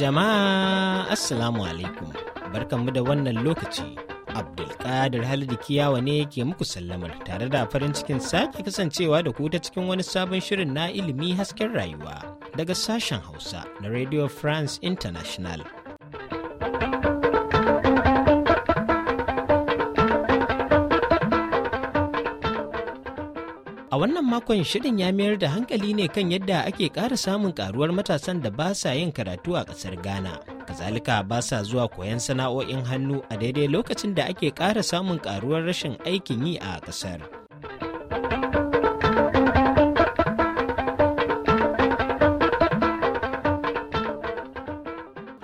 Jama'a Assalamu alaikum barkanmu da wannan lokaci. Abdulkadir Halidu Kiyawa ne ke muku sallamar tare da farin cikin sake kasancewa da ku ta cikin wani sabon shirin na ilimi hasken rayuwa daga sashen Hausa na Radio France International. wannan makon shirin ya mayar da hankali ne kan yadda ake ƙara samun ƙaruwar matasan da ba sa yin karatu a ƙasar Ghana. Kazalika ba sa zuwa koyon sana'o'in hannu a daidai lokacin da ake ƙara samun ƙaruwar rashin aikin yi a ƙasar.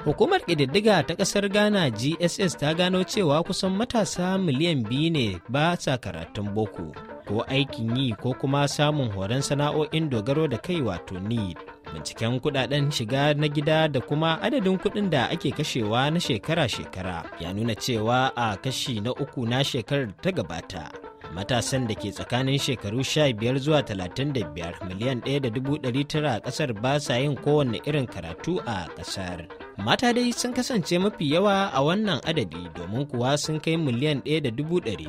Hukumar ƙididdiga ta ƙasar Ghana GSS ta gano cewa kusan matasa miliyan biyu ne ba sa karatun boko. ko aikin yi ko kuma samun horon sana'o'in dogaro da kai wato ni. binciken kudaden shiga na gida da kuma adadin kudin da ake kashewa na shekara-shekara ya nuna cewa a kashi na uku na shekarar ta gabata matasan da ke tsakanin shekaru 15 zuwa 35 miliyan 1.9 a kasar ba sa yin kowanne irin karatu a kasar. Mata dai sun kasance mafi yawa a wannan adadi domin kuwa sun kai miliyan ɗaya da dubu ɗari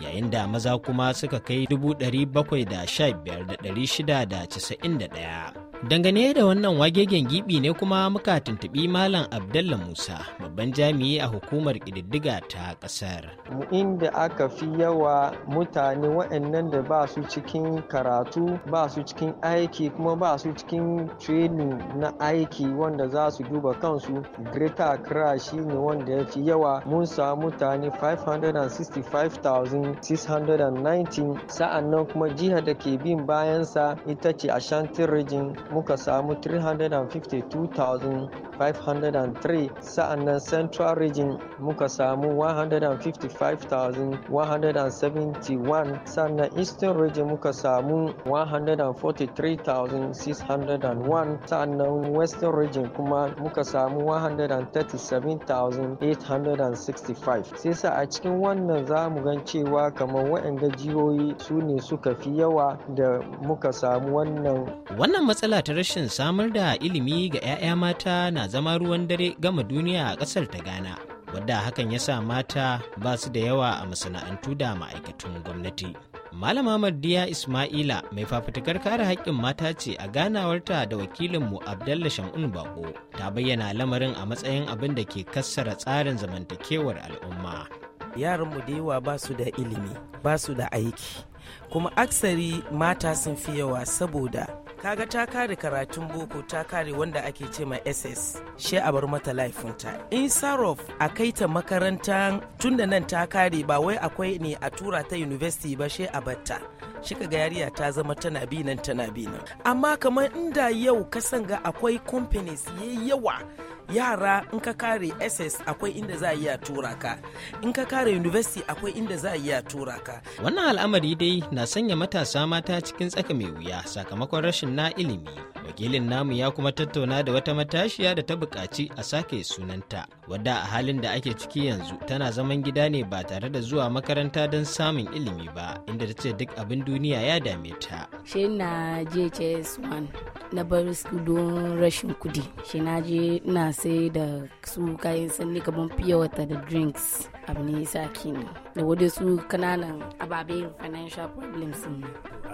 yayin da maza kuma suka kai dubu ɗari bakwai da sha da ɗari shida da casa'in da ɗaya. Dangane da wannan wagegen gibi ne kuma muka tuntubi Malam Abdallah Musa, babban jami'i a hukumar ƙididdiga ta ƙasar. Inda aka fi yawa mutane waɗannan da ba su cikin karatu, ba su cikin aiki kuma ba su cikin training na aiki wanda za su duba kansu, Greater Accra shi ne wanda ya fi yawa mun samu mutane 565,619 sa'annan kuma jihar da ke bin bayansa ita ce Ashanti Region muka samu 352,503 sa'annan central region muka samu 155,171 sannan eastern region muka samu 143,601 sa'annan western region kuma muka samu 137,865 sai sa a cikin wannan za mu gan cewa kamar wa'anda jihohi su ne suka fi yawa da muka samu wannan wannan matsala ta rashin samar da ilimi ga 'ya'ya mata na zama ruwan dare gama duniya a ƙasar ta Ghana, wadda hakan ya sa mata ba su da yawa a masana'antu da ma'aikatun gwamnati. Malama Mardiya Ismaila mai fafutukar kare haƙƙin mata ce a ganawarta da wakilinmu Abdalla Shamun Bako ta bayyana lamarin a matsayin abin da ke kassara tsarin zamantakewar al'umma. Yaranmu da yawa ba su da ilimi, ba su da aiki, kuma aksari mata sun fi yawa saboda kaga ta kare karatun boko ta kare wanda ake ce ma ss she a bar mata laifinta in sarof a kai ta makaranta da nan ta kare ba wai akwai ne a tura ta university ba she a batta shi ga yariya ta zama tana bi nan tana bi nan amma kamar inda yau ka ga akwai companies yayi yawa yara in ka kare ss akwai inda za a iya tura ka in ka kare university akwai inda za a iya tura ka wannan al'amari dai na sanya matasa mata cikin tsaka mai wuya sakamakon rashin na ilimi wakilin namu ya kuma tattauna da wata matashiya da ta bukaci a sake sunanta wadda a halin da ake ciki yanzu tana zaman gida ne ba tare da zuwa makaranta don samun ilimi ba inda ta ce duk abin duniya ya dame ta shi na 1 na bar su don rashin kudi shi na je na sai da su kayan sanni kamar fiye wata da drinks abu ne saki ne da wadda su kananan ababen financial problems ne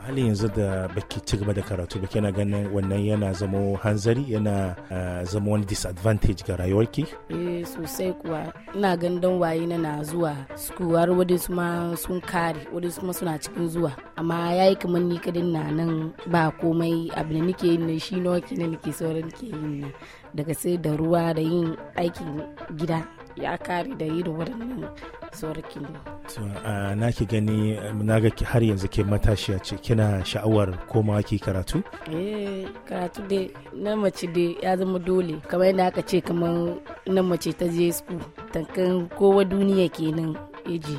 a yanzu da baki ci gaba karatu baki na ganin wannan nan yana zama hanzari yana eh, zama wani disadvantage ga rayuwarki eh sosai kuwa ina gandan waye na na zuwa sukuwar wadda su ma sun kare wadda su ma suna cikin zuwa amma ya yi kamar ni kadin na nan ba komai abu da nike yin shi nawa na nike sauran ke yin ne daga sai da ruwa da yin aikin gida ya kare da yin waɗannan sauran na ki gani na ga har yanzu ke matashiya ce kina sha'awar koma ki karatu? eh karatu dai na mace dai ya zama dole kamar yadda aka ce kamar na mace ta je su tankan kowa duniya ke kenan eji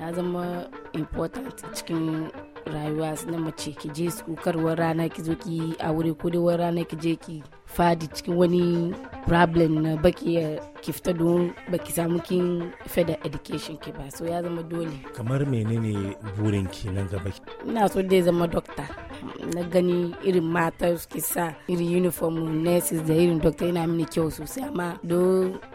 ya zama important cikin rayuwa na mace ki je kukarwar rana ki zo ki aure ko wani rana ki je ki fadi cikin wani problem na baki ya eh, ki fita don baki samu kin feda education ki ba so ya zama dole kamar menene burin ki nan gaba ina so dai zama doctor na gani irin mata suke sa irin uniform nurses da irin doctor yana mini kyau sosai amma do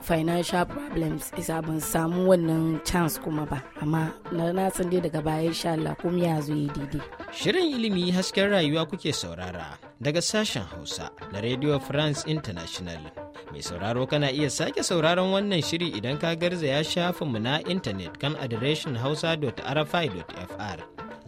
financial problems isa ban samu wannan chance kuma ba amma na san dai daga baya insha Allah kuma ya zo yi daidai shirin ilimi hasken rayuwa kuke saurara daga sashen Hausa na Radio France International mai sauraro kana iya sake sauraron wannan shiri idan ka garza garzaya shafinmu na intanet kan adireshin hausa.rfi.fr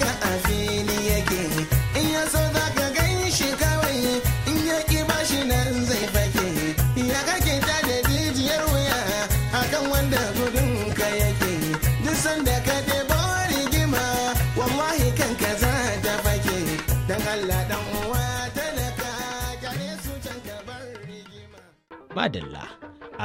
haka a fili yake in ya so za ka gan shi kawai in ya ki ba shi nan zai fake ya kake ta da jijiyar wuya akan wanda gudun ka yake duk sanda ka debo rigima wallahi kanka za ta fake dan Allah dan uwa talaka gare su can ka bar rigima madalla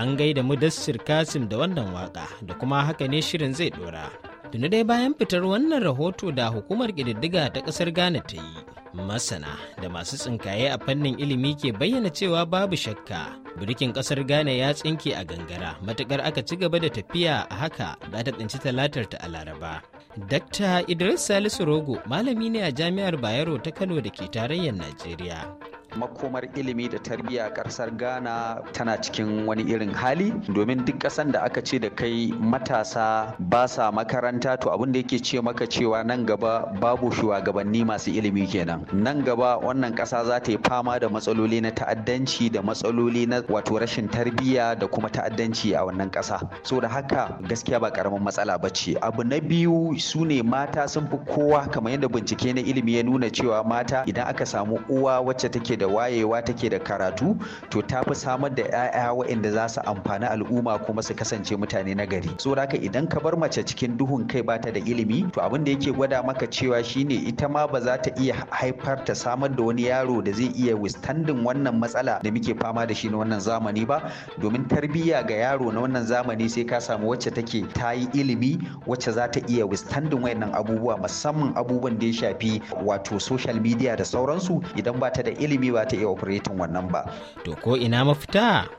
an gaida mudassir kasim da wannan waka da kuma haka ne shirin zai dora Tuni dai bayan fitar wannan rahoto da hukumar ƙididdiga ta ƙasar Ghana ta yi, masana da masu tsinkaye a fannin ilimi ke bayyana cewa babu shakka. birkin ƙasar Ghana ya tsinke a gangara matuƙar aka ci gaba da tafiya a haka za ta tsinci talatar ta a Laraba. Dakta Idris Salisu Rogo malami ne a Jami'ar Bayero ta Kano da ke tarayyar Najeriya. makomar ilimi da tarbiyya karsar ghana tana cikin wani irin hali domin duk ƙasan da aka ce da kai matasa ba sa makaranta to abin da yake ce maka cewa nan gaba babu shugabanni masu ilimi kenan nan gaba wannan ƙasa za ta yi fama da matsaloli na ta'addanci da matsaloli na wato rashin tarbiyya da kuma ta'addanci a wannan ƙasa da haka gaskiya ba ƙaramin matsala ba ce abu na biyu su ne mata sun fi kowa kamar yadda bincike na ilimi ya nuna cewa mata idan aka samu uwa wacce take da wayewa take da karatu to ta fi samar da 'ya'ya waɗanda za su amfani al'umma kuma su kasance mutane na gari so haka idan ka bar mace cikin duhun kai bata da ilimi to abin da yake gwada maka cewa shine ita ma ba za ta iya haifar ta samar da wani yaro da zai iya withstanding wannan matsala da muke fama da shi na wannan zamani ba domin tarbiyya ga yaro na wannan zamani sai ka samu wacce take ta yi ilimi wacce za ta iya withstanding wayannan abubuwa musamman abubuwan da ya shafi wato social media da sauransu idan ba ta da ilimi ba ta iya operating wannan ba to ko ina mafita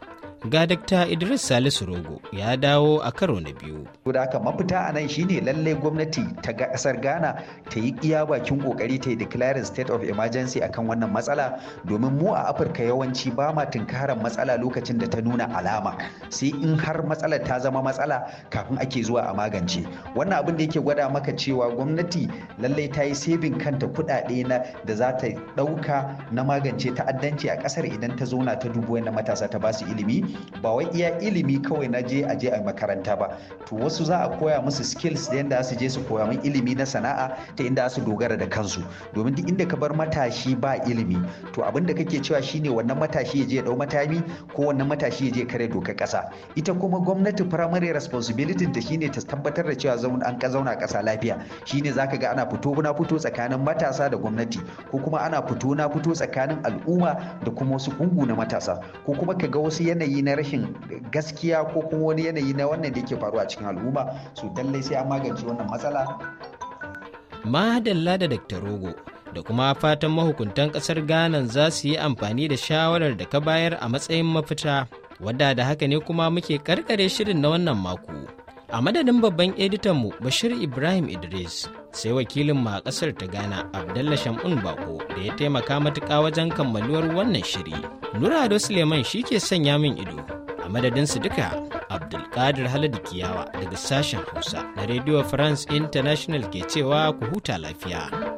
ga dakta idris salisu rogo ya dawo a karo na biyu da haka mafita a nan shine lalle gwamnati ta kasar ghana ta yi iya bakin kokari ta yi declaring state of emergency akan wannan matsala domin mu a afirka yawanci ba ma tunkarar matsala lokacin da ta nuna alama sai in har matsalar ta zama matsala kafin ake zuwa a magance wannan abin da yake gwada maka cewa gwamnati lallai ta yi saving kanta kuɗaɗe na da za ta ɗauka na magance ta'addanci a ƙasar idan ta zauna ta dubu na matasa ta basu ilimi ba wai iya ilimi kawai na je a je a makaranta ba to wasu za a koya musu skills da yadda su je su koya min ilimi na sana'a ta inda su dogara da kansu domin duk inda ka bar matashi ba ilimi to abin da kake cewa shine wannan matashi ya je ya dau matami ko wannan matashi ya je kare doka kasa ita kuma gwamnati primary responsibility ta shine ta tabbatar da cewa zaun an ka zauna kasa lafiya shine zaka ga ana fito na fito tsakanin matasa da gwamnati ko kuma ana fito na fito tsakanin al'umma da kuma wasu kungu na matasa ko kuma ka ga wasu yanayi na rashin gaskiya ko kuma wani yanayi na wannan da yake faruwa a cikin al'umma su dalle sai an magance wannan matsala madalla da Dr. Rogo da kuma fatan mahukuntan kasar Ghana za su yi amfani da shawarar da ka bayar a matsayin mafita wadda da haka ne kuma muke karkare shirin na wannan mako a madadin babban editanmu Bashir Ibrahim Idris sai wakilin ma kasar ta gana Abdallah Shamun Bako da ya taimaka matuƙa wajen kammaluwar wannan shiri. nura Nurado Suleiman shi ke sanya min ido a madadinsu duka Abdulkadir Haladu Kiyawa daga sashen Hausa na Radio France International ke cewa ku huta lafiya.